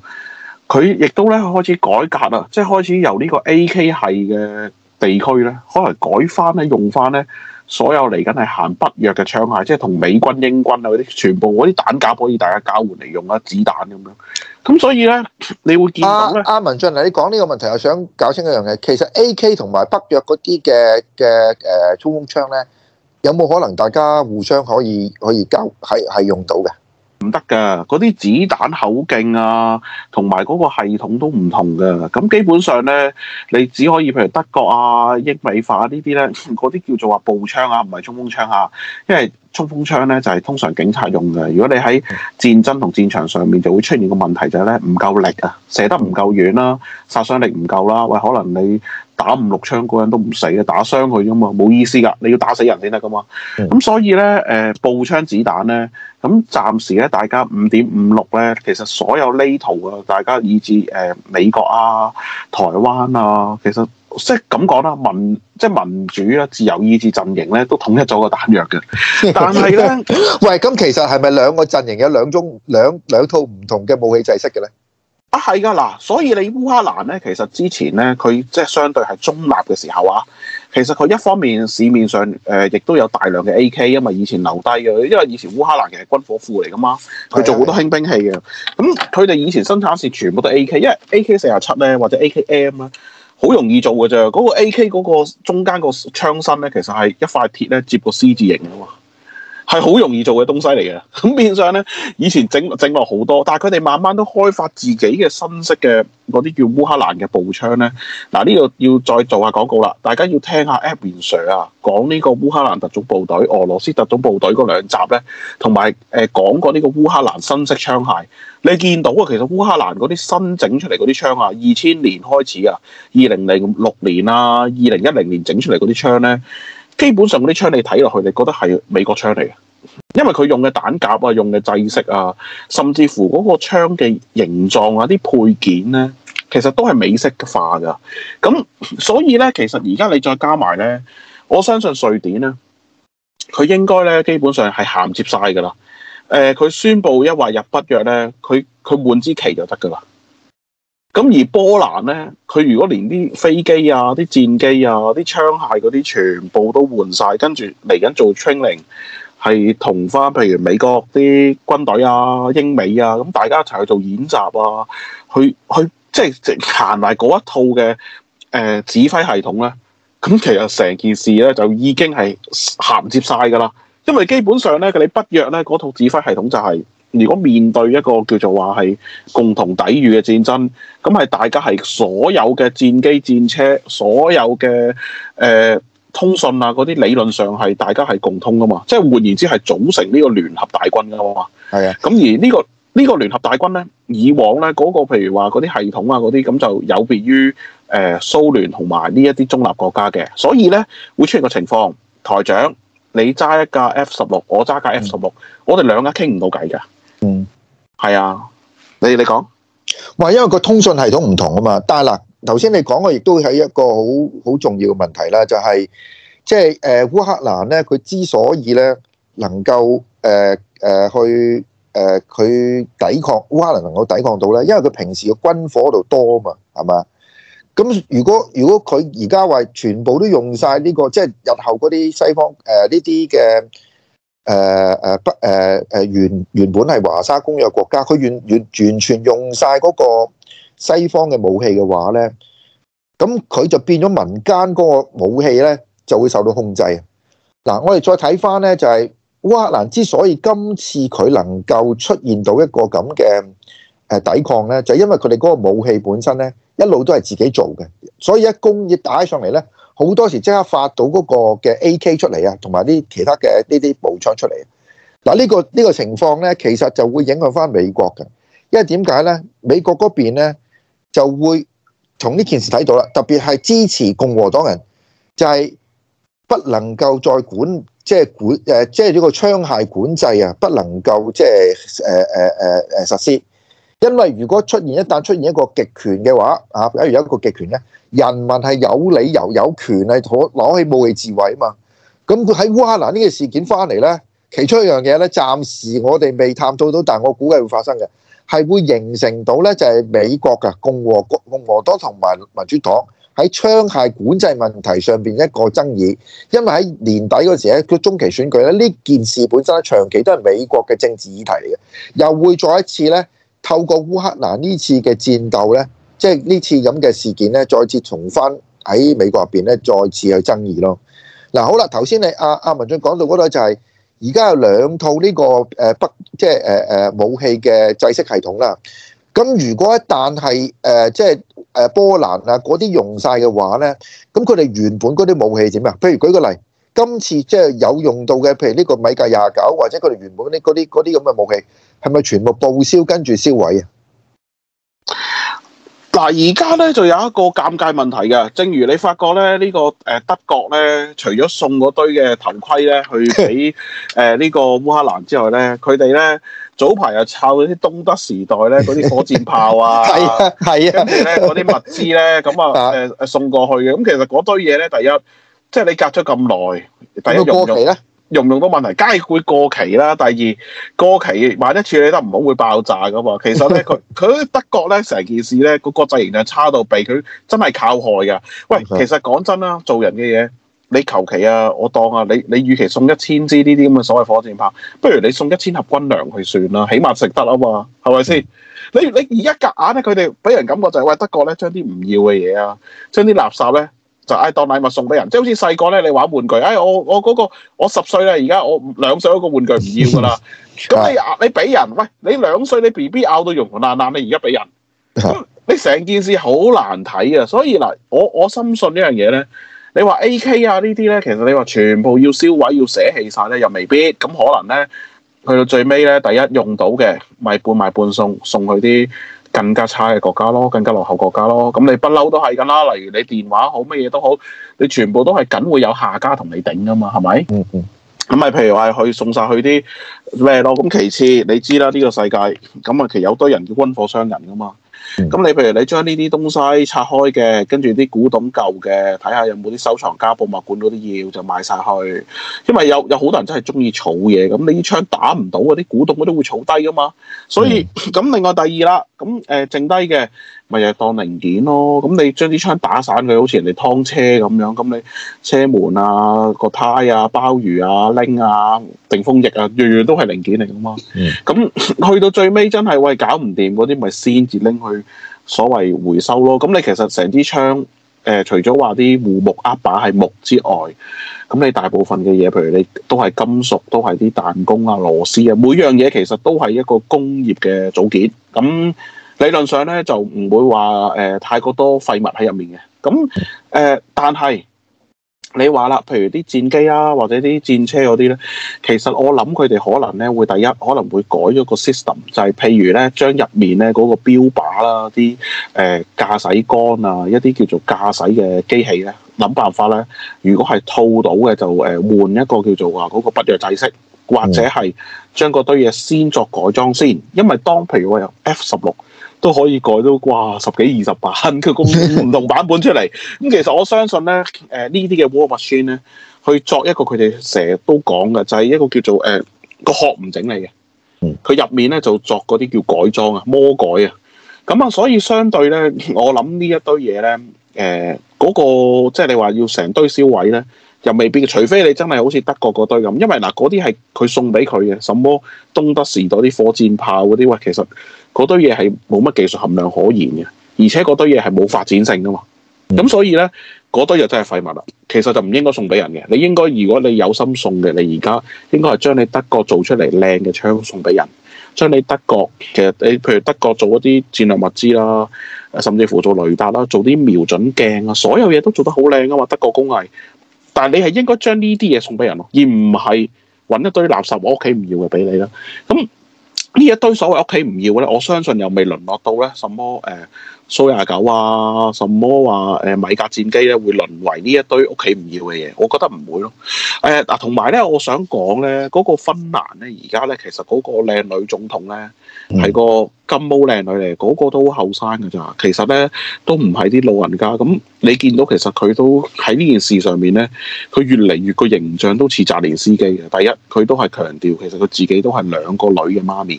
佢亦都咧開始改革喇，即係開始由呢個 AK 系嘅地區咧，可能改翻咧用翻咧所有嚟緊係行北約嘅槍械，即係同美軍、英軍啊嗰啲全部嗰啲彈匣，可以大家交換嚟用啊，子彈咁樣。咁所以咧，你會見到咧。阿、啊啊、文進嚟，你講呢個問題，我想搞清一樣嘢。其實 AK 同埋北約嗰啲嘅嘅誒衝鋒槍咧。有冇可能大家互相可以可以交係係用到嘅？唔得噶，嗰啲子彈口徑啊，同埋嗰個系統都唔同噶。咁基本上呢，你只可以譬如德國啊、英美化呢啲呢，嗰啲叫做話步槍啊，唔係衝鋒槍啊。因為衝鋒槍呢就係通常警察用嘅。如果你喺戰爭同戰場上面就會出現個問題就係呢，唔夠力啊，射得唔夠遠啦，殺傷力唔夠啦。喂，可能你。打五六槍個人都唔死嘅，打傷佢啫嘛，冇意思噶。你要打死人先得噶嘛。咁、嗯、所以咧，誒、呃，步槍子彈咧，咁暫時咧，大家五點五六咧，其實所有呢圖啊，大家以至誒、呃、美國啊、台灣啊，其實即係咁講啦，民即係、就是、民主啊、自由意志陣營咧，都統一咗個彈藥嘅。但係咧， 喂，咁其實係咪兩個陣營有兩種兩兩套唔同嘅武器制式嘅咧？啊，係噶嗱，所以你烏克蘭咧，其實之前咧，佢即係相對係中立嘅時候啊。其實佢一方面市面上誒，亦、呃、都有大量嘅 A K，因為以前留低嘅，因為以前烏克蘭其實係軍火庫嚟噶嘛，佢做好多輕兵器嘅。咁佢哋以前生產線全部都 A K，因為 A K 四七咧或者 A K M 咧，好容易做噶啫。嗰、嗰個 A K 嗰個中間個槍身咧，其實係一塊鐵咧接個 C 字型噶嘛。係好容易做嘅東西嚟嘅，咁變相呢，以前整整落好多，但係佢哋慢慢都開發自己嘅新式嘅嗰啲叫烏克蘭嘅步槍呢嗱，呢度要再做下廣告啦，大家要聽下 Appian Sir 啊，講呢個烏克蘭特種部隊、俄羅斯特種部隊嗰兩集呢，同埋誒講過呢個烏克蘭新式槍械。你見到啊，其實烏克蘭嗰啲新整出嚟嗰啲槍啊，二千年開始啊，二零零六年啊，二零一零年整出嚟嗰啲槍呢。基本上啲槍你睇落去，你覺得係美國槍嚟嘅，因為佢用嘅彈夾啊，用嘅制式啊，甚至乎嗰個槍嘅形狀啊，啲配件呢，其實都係美式化噶。咁所以呢，其實而家你再加埋呢，我相信瑞典呢，佢應該呢，基本上係銜接晒噶啦。誒、呃，佢宣布一話入北約呢，佢佢換支旗就得噶啦。咁而波蘭呢，佢如果連啲飛機啊、啲戰機啊、啲槍械嗰啲全部都換晒，跟住嚟緊做 training，係同翻譬如美國啲軍隊啊、英美啊，咁大家一齊去做演習啊，去去即係、就是、行埋嗰一套嘅、誒、呃、指揮系統呢，咁、嗯、其實成件事呢就已經係銜接晒噶啦，因為基本上呢，佢哋北約呢嗰套指揮系統就係、是。如果面對一個叫做話係共同抵禦嘅戰爭，咁係大家係所有嘅戰機、戰車、所有嘅誒、呃、通訊啊嗰啲理論上係大家係共通噶嘛？即係換言之係組成呢個聯合大軍噶嘛？係啊的。咁而呢、呢個呢、呢個聯合大軍咧，以往咧嗰、嗰個譬如話嗰啲系統啊嗰啲咁就有別於誒蘇聯同埋呢一啲中立國家嘅，所以咧會出現個情況。台長，你揸一架 F 十六，我揸架 F 十六，我哋兩家傾唔到計噶。嗯，係啊，你你講，話，因為個通訊系統唔同啊嘛，但係嗱，頭先你講嘅亦都係一個好好重要嘅問題啦，就係即係誒，烏克蘭咧，佢之所以咧能夠誒誒去誒佢、呃、抵抗烏克蘭能夠抵抗到咧，因為佢平時嘅軍火度多啊嘛，係嘛？咁如果如果佢而家話全部都用晒呢、這個，即、就、係、是、日後嗰啲西方誒呢啲嘅。呃誒誒不誒誒原原本係華沙公約國家，佢完完完全用晒嗰個西方嘅武器嘅話咧，咁佢就變咗民間嗰個武器咧，就會受到控制。嗱，我哋再睇翻咧，就係烏克蘭之所以今次佢能夠出現到一個咁嘅誒抵抗咧，就因為佢哋嗰個武器本身咧，一路都係自己做嘅，所以一工業打上嚟咧。好多時即刻發到嗰個嘅 AK 出嚟啊，同埋啲其他嘅呢啲步槍出嚟，這個。嗱，呢個呢個情況咧，其實就會影響翻美國嘅，因為點解咧？美國嗰邊咧就會從呢件事睇到啦，特別係支持共和黨人，就係、是、不能夠再管，即、就、係、是、管誒，即係呢個槍械管制啊，不能夠即係誒誒誒誒實施。因為如果出現一旦出現一個極權嘅話，啊，比如有一個極權咧，人民係有理由、有權係可攞起武器自衛啊嘛。咁喺烏克蘭呢個事件翻嚟咧，其中一樣嘢咧，暫時我哋未探討到，但係我估計會發生嘅，係會形成到咧就係美國嘅共和國、共和黨同埋民主黨喺槍械管制問題上面一個爭議。因為喺年底嗰時咧，佢中期選舉咧，呢件事本身長期都係美國嘅政治議題嚟嘅，又會再一次咧。透過烏克蘭呢次嘅戰鬥咧，即係呢次咁嘅事件咧，再次重返喺美國入邊咧，再次去爭議咯。嗱，好啦，頭先你阿阿文進講到嗰度就係而家有兩套呢個誒北即係誒誒武器嘅制式系統啦。咁如果一旦係誒即係誒波蘭啊嗰啲用曬嘅話咧，咁佢哋原本嗰啲武器點啊？譬如舉個例，今次即係有用到嘅，譬如呢個米格廿九或者佢哋原本嗰啲嗰啲嗰啲咁嘅武器。係咪全部報銷跟住銷毀啊？嗱，而家咧就有一個尷尬問題嘅。正如你發覺咧，呢個誒德國咧，除咗送嗰堆嘅頭盔咧去俾誒呢個烏克蘭之外咧，佢哋咧早排又抄嗰啲東德時代咧嗰啲火箭炮啊，係啊係啊，跟住咧嗰啲物資咧，咁啊誒誒送過去嘅。咁其實嗰堆嘢咧，第一即係你隔咗咁耐，第一過期咧。用唔用到問題，梗係會過期啦；第二過期，萬一處理得唔好，會爆炸噶嘛。其實咧，佢佢 德國咧成件事咧個國際形象差到痹，佢真係靠害噶。喂，其實講真啦，做人嘅嘢，你求其啊，我當啊，你你與其送一千支呢啲咁嘅所謂火箭炮，不如你送一千盒軍糧去算啦，起碼食得啊嘛，係咪先？你你而家夾硬咧，佢哋俾人感覺就係喂德國咧，將啲唔要嘅嘢啊，將啲垃圾咧。就誒當禮物送俾人，即係好似細個咧，你玩玩具，誒、哎、我我嗰、嗰個我十歲啦，而家我兩歲嗰個玩具唔要噶啦。咁 你啊，你俾人，喂，你兩歲你 B B 咬到融融爛爛，你而家俾人， 你成件事好難睇啊。所以嗱，我我深信呢樣嘢咧，你話 A K 啊呢啲咧，其實你話全部要燒毀要捨棄晒咧，又未必。咁可能咧，去到最尾咧，第一用到嘅咪半賣半送送佢啲，更加差嘅國家咯，更加落後國家咯，咁你不嬲都係噶啦。例如你電話好乜嘢都好，你全部都係梗會有下家同你頂噶嘛，係咪？嗯嗯。咁咪譬如話去送晒去啲咩咯。咁其次你知啦，呢個世界咁啊，其實有多人叫軍火商人噶嘛。咁、嗯、你譬如你將呢啲東西拆開嘅，跟住啲古董舊嘅，睇下有冇啲收藏家、博物館嗰啲要就賣晒去，因為有有好多人真係中意儲嘢，咁你啲槍打唔到嗰啲古董，佢都會儲低啊嘛，所以咁、嗯、另外第二啦，咁誒、呃、剩低嘅。咪又當零件咯，咁你將啲槍打散佢，好似人哋劏車咁樣，咁你車門啊、個胎啊、鮑魚啊、鈴啊、定風翼啊，樣樣都係零件嚟噶嘛。咁去到最尾真係喂搞唔掂嗰啲，咪先至拎去所謂回收咯。咁你其實成支槍，誒，除咗話啲護木握把係木之外，咁你大部分嘅嘢，譬如你都係金屬，都係啲彈弓啊、螺絲啊，每樣嘢其實都係一個工業嘅組件咁。理論上咧就唔會話誒、呃、太過多廢物喺入面嘅。咁誒、呃，但係你話啦，譬如啲戰機啊，或者啲戰車嗰啲咧，其實我諗佢哋可能咧會第一可能會改咗個 system，就係譬如咧將入面咧嗰個標靶啦、啊、啲誒、呃、駕駛桿啊、一啲叫做駕駛嘅機器咧，諗辦法咧，如果係套到嘅就誒換一個叫做話嗰個北約制式，或者係將嗰堆嘢先作改裝先，因為當譬如我有 F 十六。16，都可以改到哇十幾二十版佢公唔同版本出嚟，咁 其實我相信咧，誒、呃、呢啲嘅 war machine 咧，去作一個佢哋成日都講嘅，就係、是、一個叫做誒、呃、個殼唔整你嘅，佢入面咧就作嗰啲叫改裝啊，魔改啊，咁啊，所以相對咧，我諗呢一堆嘢咧，誒、呃、嗰、那個即係、就是、你話要成堆銷毀咧，又未必，除非你真係好似德國嗰堆咁，因為嗱嗰啲係佢送俾佢嘅，什麼東德時代啲火箭炮嗰啲，喂、呃、其實。嗰堆嘢係冇乜技術含量可言嘅，而且嗰堆嘢係冇發展性噶嘛。咁所以呢，嗰堆嘢真係廢物啦。其實就唔應該送俾人嘅。你應該如果你有心送嘅，你而家應該係將你德國做出嚟靚嘅槍送俾人，將你德國其實你譬如德國做一啲戰略物資啦，甚至乎做雷達啦，做啲瞄準鏡啊，所有嘢都做得好靚噶嘛，德國工藝。但係你係應該將呢啲嘢送俾人，而唔係揾一堆垃圾我屋企唔要嘅俾你啦。咁。呢一堆所謂屋企唔要咧，我相信又未淪落到咧什麼誒。呃蘇廿九啊，什麼話誒米格戰機咧，會淪為呢一堆屋企唔要嘅嘢？我覺得唔會咯。誒嗱，同埋咧，我想講咧，嗰個芬蘭咧，而家咧，其實嗰個靚女總統咧係個金毛靚女嚟，嗰個都好後生㗎咋。其實咧都唔係啲老人家。咁你見到其實佢都喺呢件事上面咧，佢越嚟越個形象都似澤連斯基嘅。第一，佢都係強調其實佢自己都係兩個女嘅媽咪。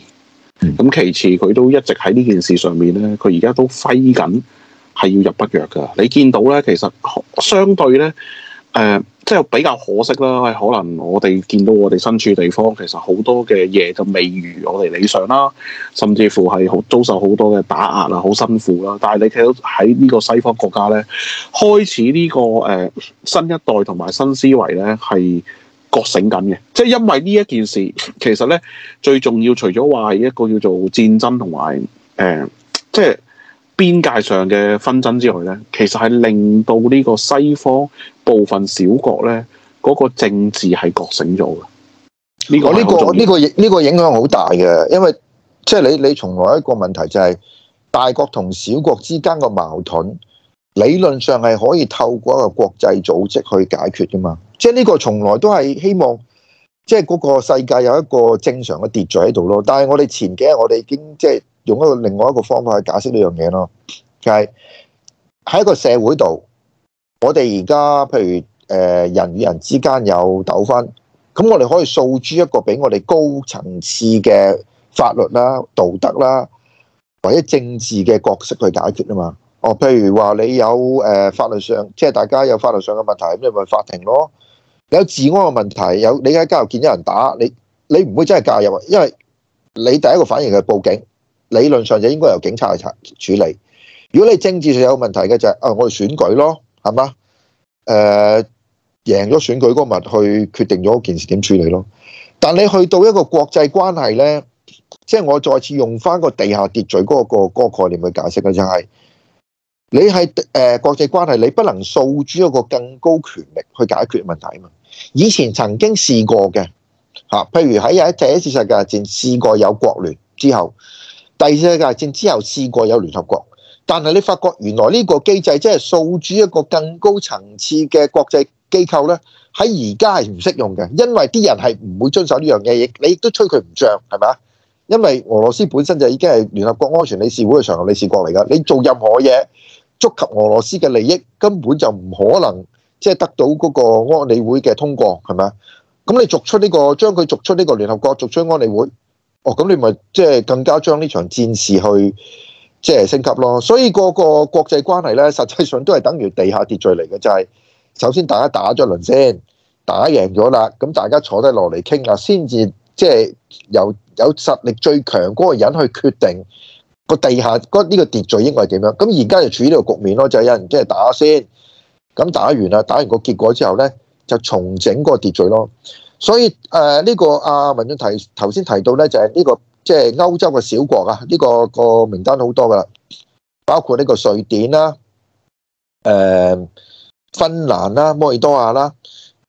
咁、嗯、其次，佢都一直喺呢件事上面呢，佢而家都在揮緊，係要入北約噶。你見到呢，其實相對呢，誒、呃，即係比較可惜啦。可能我哋見到我哋身處地方，其實好多嘅嘢，就未如我哋理想啦，甚至乎係好遭受好多嘅打壓啊，好辛苦啦。但係你睇到喺呢個西方國家呢，開始呢、這個誒、呃、新一代同埋新思維呢，係。覺醒緊嘅，即係因為呢一件事，其實呢，最重要，除咗話係一個叫做戰爭同埋誒，即係邊界上嘅紛爭之外呢，其實係令到呢個西方部分小國呢，嗰、嗰個政治係覺醒咗嘅。呢、呢個呢、哦呢個呢個呢個影響好大嘅，因為即係你你從來一個問題就係、係、大國同小國之間嘅矛盾，理論上係可以透過一個國際組織去解決噶嘛。即係呢個從來都係希望，即係嗰個世界有一個正常嘅秩序喺度咯。但係我哋前幾日我哋已經即係用一個另外一個方法去解釋呢樣嘢咯，就係喺一個社會度，我哋而家譬如誒人與人之間有糾紛，咁我哋可以訴諸一個比我哋高層次嘅法律啦、道德啦或者政治嘅角色去解決啊嘛。哦，譬如話你有誒法律上即係大家有法律上嘅問題，咁你咪法庭咯。有治安嘅問題，有你喺街度見到人打你，你唔會真係介入啊，因為你第一個反應係報警，理論上就應該由警察去處理。如果你政治上有問題嘅就係、是、啊，我哋選舉咯，係嘛？誒、呃，贏咗選舉嗰個咪去決定咗件事點處理咯。但你去到一個國際關係咧，即、就、係、是、我再次用翻個地下秩序嗰個個概念去解釋咧、就是，就係你係誒、呃、國際關係，你不能訴諸一個更高權力去解決問題啊嘛。以前曾經試過嘅，吓，譬如喺第一次世界大戰試過有國聯之後，第二次世界戰之後試過有聯合國，但係你發覺原來呢個機制，即係訴諸一個更高層次嘅國際機構呢，喺而家係唔適用嘅，因為啲人係唔會遵守呢樣嘢，亦你都吹佢唔脹，係咪？因為俄羅斯本身就已經係聯合國安全理事會嘅常任理事國嚟噶，你做任何嘢觸及俄羅斯嘅利益，根本就唔可能。即係得到嗰個安理會嘅通過，係咪啊？咁你逐出呢、這個，將佢逐出呢個聯合國，逐出安理會。哦，咁你咪即係更加將呢場戰事去即係升級咯。所以個個國際關係咧，實際上都係等於地下秩序嚟嘅，就係、是、首先大家打咗一輪先，打贏咗啦，咁大家坐低落嚟傾啦，先至即係由有實力最強嗰個人去決定個地下呢、這個秩序應該係點樣。咁而家就處於呢個局面咯，就係、是、有人即係打先。咁打完啦，打完個結果之後呢，就重整個秩序咯。所以誒，呢、呃這個阿、啊、文進提頭先提到呢、這個，就係呢個即係歐洲嘅小國啊，呢、這個、這個名單好多噶啦，包括呢個瑞典啦、啊、誒、呃、芬蘭啦、啊、摩爾多亞啦、啊，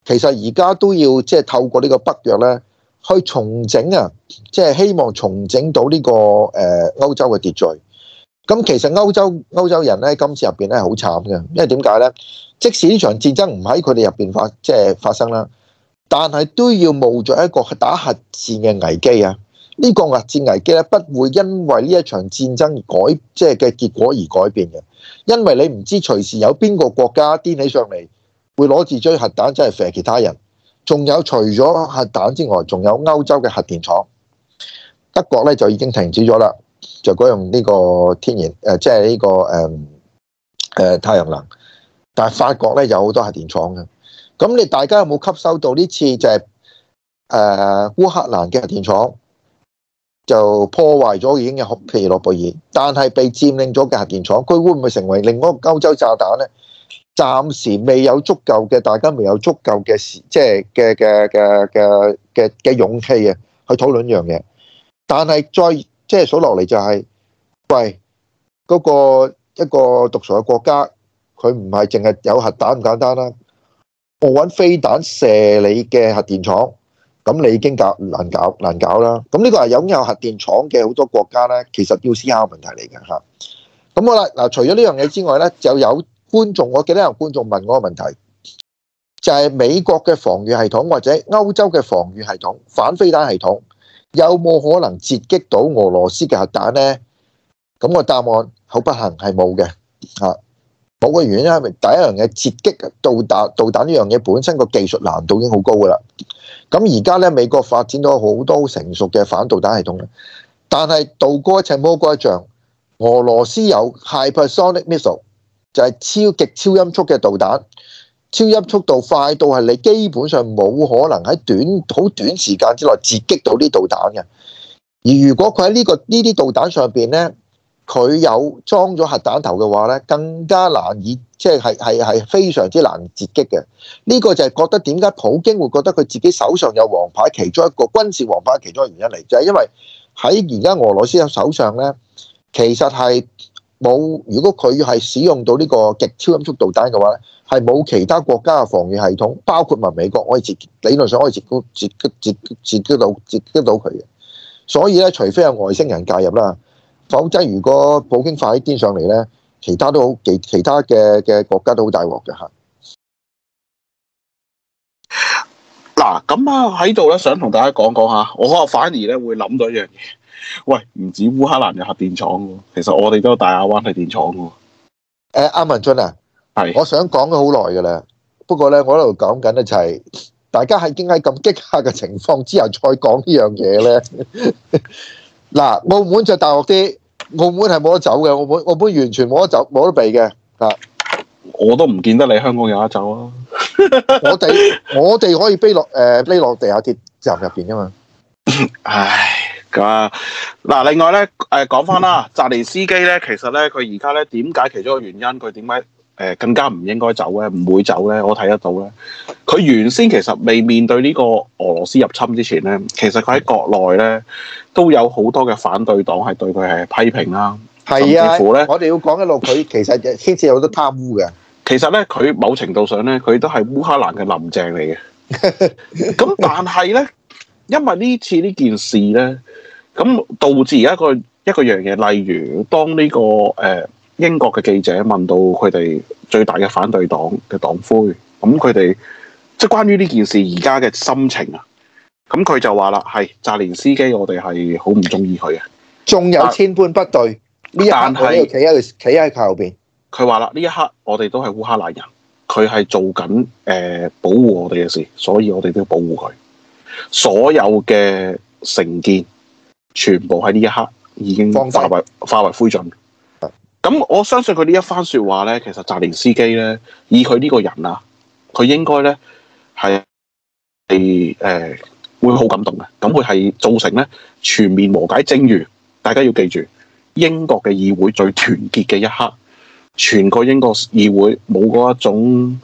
其實而家都要即係透過呢個北約呢，去重整啊，即、就、係、是、希望重整到呢、這個誒、呃、歐洲嘅秩序。咁其實歐洲歐洲人咧，今次入邊咧係好慘嘅，因為點解咧？即使呢場戰爭唔喺佢哋入邊發，即係發生啦，但係都要冒咗一個打核戰嘅危機啊！呢個核戰危機咧，不會因為呢一場戰爭改即係嘅結果而改變嘅，因為你唔知隨時有邊個國家癲起上嚟，會攞自追核彈即係射其他人。仲有除咗核彈之外，仲有歐洲嘅核電廠，德國咧就已經停止咗啦。就改用呢個天然誒，即係呢個誒誒、呃呃、太陽能。但係法國咧有好多核電廠嘅，咁你大家有冇吸收到呢次就係誒烏克蘭嘅核電廠就破壞咗已經嘅切爾諾貝爾但係被佔領咗嘅核電廠，佢會唔會成為另外一個歐洲炸彈咧？暫時未有足夠嘅，大家未有足夠嘅時，即係嘅嘅嘅嘅嘅嘅勇氣嘅去討論呢樣嘢。但係再。即係數落嚟，就係、是，喂，嗰、那個一個獨裁嘅國家，佢唔係淨係有核彈咁簡單啦。我揾飛彈射你嘅核電廠，咁你已經搞難搞難搞啦。咁呢個係擁有,有核電廠嘅好多國家咧，其實要思考問題嚟嘅吓。咁好啦，嗱，除咗呢樣嘢之外咧，就有觀眾，我記得有觀眾問嗰個問題，就係、是、美國嘅防御系統或者歐洲嘅防御系統反飛彈系統。有冇可能截擊到俄羅斯嘅核彈呢？咁、嗰個答案好不幸係冇嘅。嚇，冇、啊、嘅原因係咪第一樣嘢截擊導彈導彈呢樣嘢本身個技術難度已經好高噶啦。咁而家呢，美國發展到好多很成熟嘅反導彈系統，但係道高一尺魔高一丈，俄羅斯有 hypersonic missile 就係超極超音速嘅導彈。超音速度快到係你基本上冇可能喺短好短時間之內截擊到啲導彈嘅。而如果佢喺、這個、呢個呢啲導彈上邊咧，佢有裝咗核彈頭嘅話咧，更加難以即係係係非常之難截擊嘅。呢個就係覺得點解普京會覺得佢自己手上有王牌，其中一個軍事王牌，其中一個原因嚟，就係因為喺而家俄羅斯嘅手上咧，其實，係。冇，如果佢係使用到呢個極超音速導彈嘅話咧，係冇其他國家嘅防禦系統，包括埋美國以，我哋理論上可以截擊截擊截到截擊到佢嘅。所以咧，除非有外星人介入啦，否則如果普京快啲癲上嚟咧，其他都好，其其他嘅嘅國家都好大鑊嘅嚇。嗱，咁啊喺度咧，想同大家講講嚇，我可反而咧會諗到一樣嘢。喂，唔止烏克蘭有核電廠噶，其實我哋都有大亞灣核電廠噶、呃。誒，阿文進啊，係是，我想講咗好耐噶啦。不過咧，我喺度講緊咧就係、是，大家係經喺咁驚吓嘅情況之後再講呢樣嘢咧。嗱， 澳門就大鑊啲，澳門係冇得走嘅，澳門，澳門完全冇得走，冇得避嘅。啊，我都唔見得你香港有得走啊 我。我哋，我哋可以飛落誒，飛、呃、落地下鐵站入邊噶嘛。唉。啊！嗱，另外咧，誒、呃，講翻啦，澤連斯基咧，其實咧，佢而家咧，點解其中一個原因，佢點解誒更加唔應該走咧，唔會走咧？我睇得到咧，佢原先其實未面對呢個俄羅斯入侵之前咧，其實佢喺國內咧都有好多嘅反對黨係對佢係批評啦，係啊，啊甚至乎咧，我哋要講一路佢其實牽涉好多貪污嘅，其實咧，佢某程度上咧，佢都係烏克蘭嘅林鄭嚟嘅，咁但係咧。 因為呢次呢件事呢，咁導致而家個一個樣嘢。例如，當呢、這個誒、呃、英國嘅記者問到佢哋最大嘅反對黨嘅黨魁，咁佢哋即係關於呢件事而家嘅心情啊，咁佢就話啦：，係澤連斯基，我哋係好唔中意佢嘅。仲有千般不對，呢一刻企喺企喺喺佢後邊。佢話啦，呢一刻我哋是都係烏克蘭人，佢係做緊誒、呃、保護我哋嘅事，所以我哋都要保護佢。所有嘅成見，全部喺呢一刻已經化為肥化為灰燼。咁我相信佢呢一番說話呢，其實澤連斯基呢，以佢呢個人啊，佢應該呢係係誒，會好感動嘅。咁會係造成呢全面和解。正如大家要記住，英國嘅議會最團結嘅一刻，全個英國議會冇嗰一種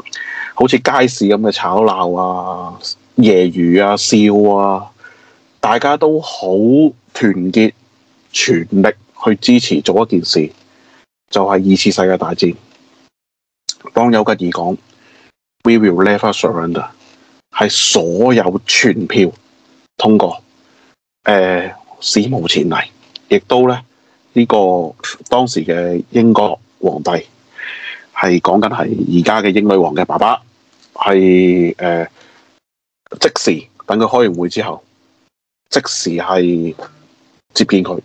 好似街市咁嘅吵鬧啊！夜雨啊，笑啊，大家都好團結，全力去支持做一件事，就係、是、二次世界大戰。當邱吉爾講 ，We will never surrender，係所有全票通過，誒、呃、史無前例，亦都咧呢、這個當時嘅英國皇帝係講緊係而家嘅英女王嘅爸爸，係誒。呃即時等佢開完會之後，即時係接見佢，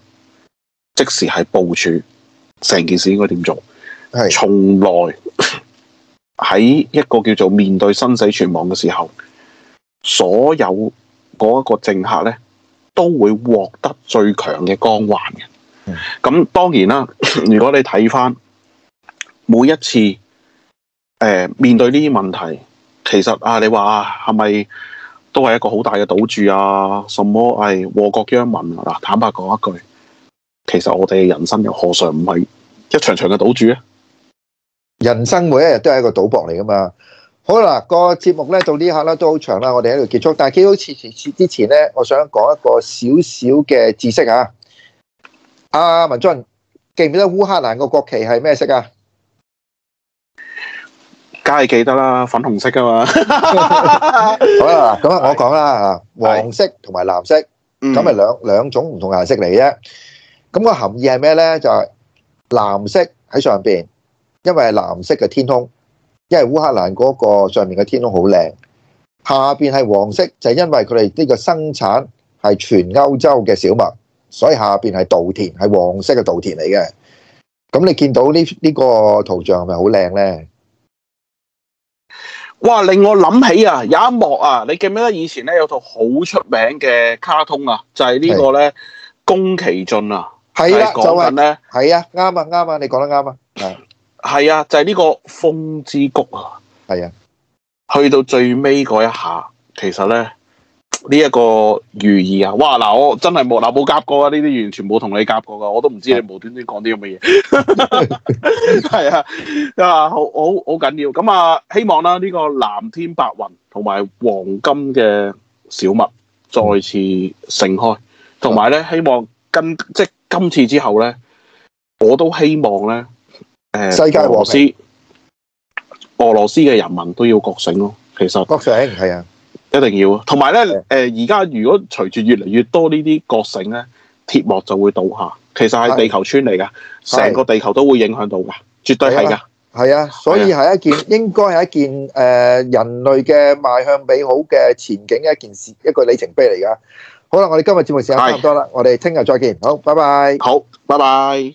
即時係部署成件事應該點做。係是從來喺一個叫做面對生死存亡嘅時候，所有嗰一個政客呢都會獲得最強嘅光環嘅。咁是當然啦，如果你睇翻每一次、呃、面對呢啲問題，其實啊，你話係咪？是都係一個好大嘅賭注啊！什麼係禍國殃民啊！坦白講一句，其實我哋嘅人生又何嘗唔係一場一場嘅賭注咧？人生每一日都係一個賭博嚟噶嘛。好啦，這個節目咧到呢一刻咧都好長啦，我哋喺度結束。但係幾好切前切之前咧，我想講一個少少嘅知識啊。阿、啊、文進記唔記得烏克蘭個國旗係咩色啊？梗係記得啦，粉紅色噶嘛。好啦，咁啊，我講啦嚇，黃色同埋藍色，咁咪兩兩種唔同顏色嚟啫。咁個含義係咩咧？就係藍色喺上邊，因為係藍色嘅天空，因為烏克蘭嗰個上面嘅天空好靚。下邊係黃色，就係因為佢哋呢個生產係全歐洲嘅小麥，所以下邊係稻田，係黃色嘅稻田嚟嘅。咁你見到呢呢個圖像係咪好靚咧？哇！令我諗起啊，有一幕啊，你記唔記得以前咧，有套好出名嘅卡通啊，就係呢個咧，宮崎駿啊，係講緊咧，係啊，啱啊，啱啊，你講得啱啊，係啊，就係呢個風之谷啊，係啊，去到最尾嗰一下，其實咧。呢一個寓意啊！哇！嗱，我真係冇嗱冇夾過啊！呢啲完全冇同你夾過噶，我都唔知你無端端講啲咁嘅嘢。係啊，啊，好，好，好緊要。咁啊，希望啦、啊，呢、呢個藍天白雲同埋黃金嘅小麥再次盛開，同埋咧，希望今即係今次之後咧，我都希望咧，誒、呃，世界和平。俄羅斯，俄羅斯嘅人民都要覺醒咯。其實，覺醒係啊。一定要，同埋咧，誒的，而家、呃、如果隨住越嚟越多呢啲覺醒咧，鐵幕就會倒下。其實係地球村嚟噶，成的個地球都會影響到噶，的絕對係噶。係啊，所以係一件的應該係一件誒、呃，人類嘅邁向美好嘅前景嘅一件事，一個里程碑嚟噶。好啦，我哋今日節目時間差唔多啦，的我哋聽日再見，好，拜拜，好，拜拜。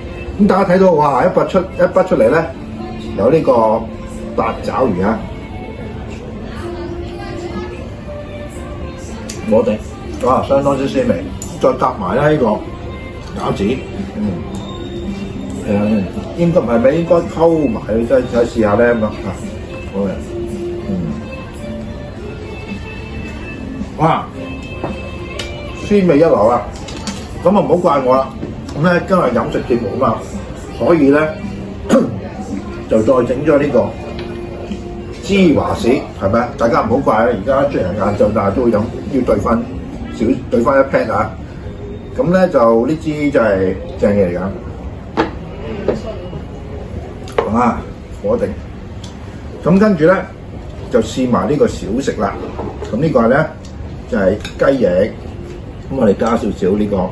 大家睇到哇，一筆出一筆出嚟呢，有呢個八爪魚啊，我哋哇相當之鮮味，再夾埋咧呢個餃子，嗯，係啊、嗯嗯，應該唔係咩？應該溝埋，真再試下呢。咁啊、嗯，好啊，哇，鮮味一流啊，咁啊唔好怪我啦。今日飲食節目啊嘛，所以呢，就再整咗呢個芝華士，係咪大家唔好怪啊！而家出近晏晝，大家都會飲，要兌翻少兌翻一 pat 啊！咁、啊、呢，就呢支就係正嘢嚟㗎，啊火定。咁跟住咧就試埋呢個小食啦。咁呢個咧就係、係、雞翼，咁我哋加少少呢、呢個。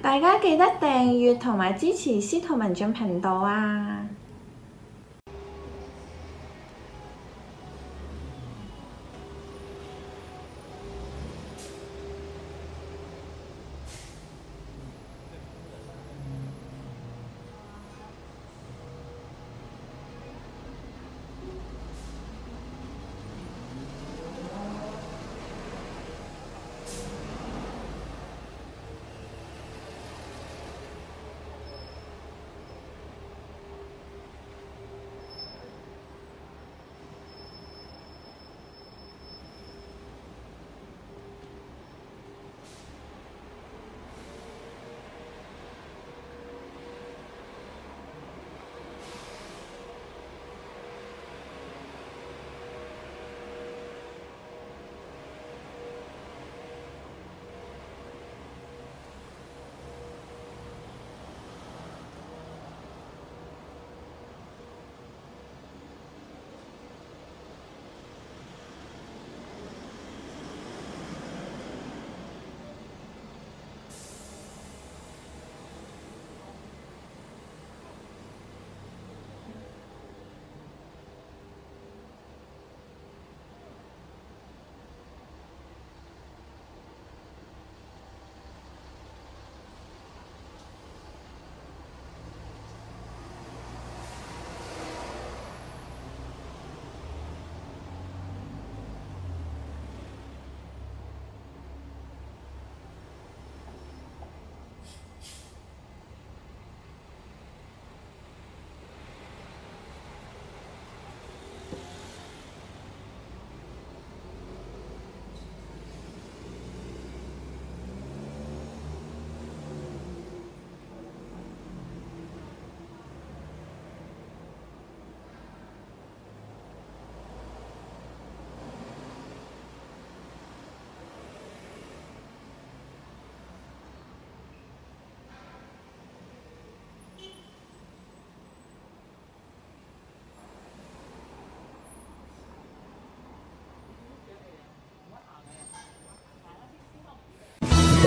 大家記得訂閱同埋支持司徒文進頻道啊！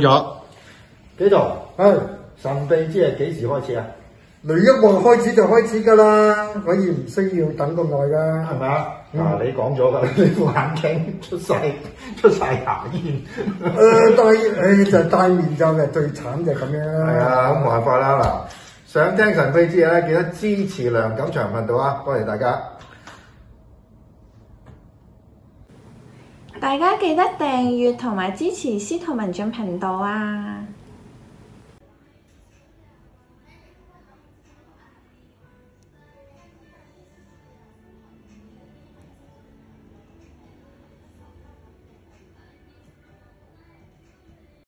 咗幾度？唉、哎，神秘之夜幾時開始啊？雷一望開始就開始噶啦，可以唔需要等咁耐噶，係咪、嗯、啊？嗱， 你講咗噶，你副眼鏡出晒出晒牙煙，誒戴誒就是、戴面罩嘅最慘就咁樣啦。係啊，咁冇辦法啦嗱。想聽神秘之夜咧，記得支持梁錦祥頻道啊！多謝，謝大家。大家記得訂閱同埋支持司徒文進頻道啊！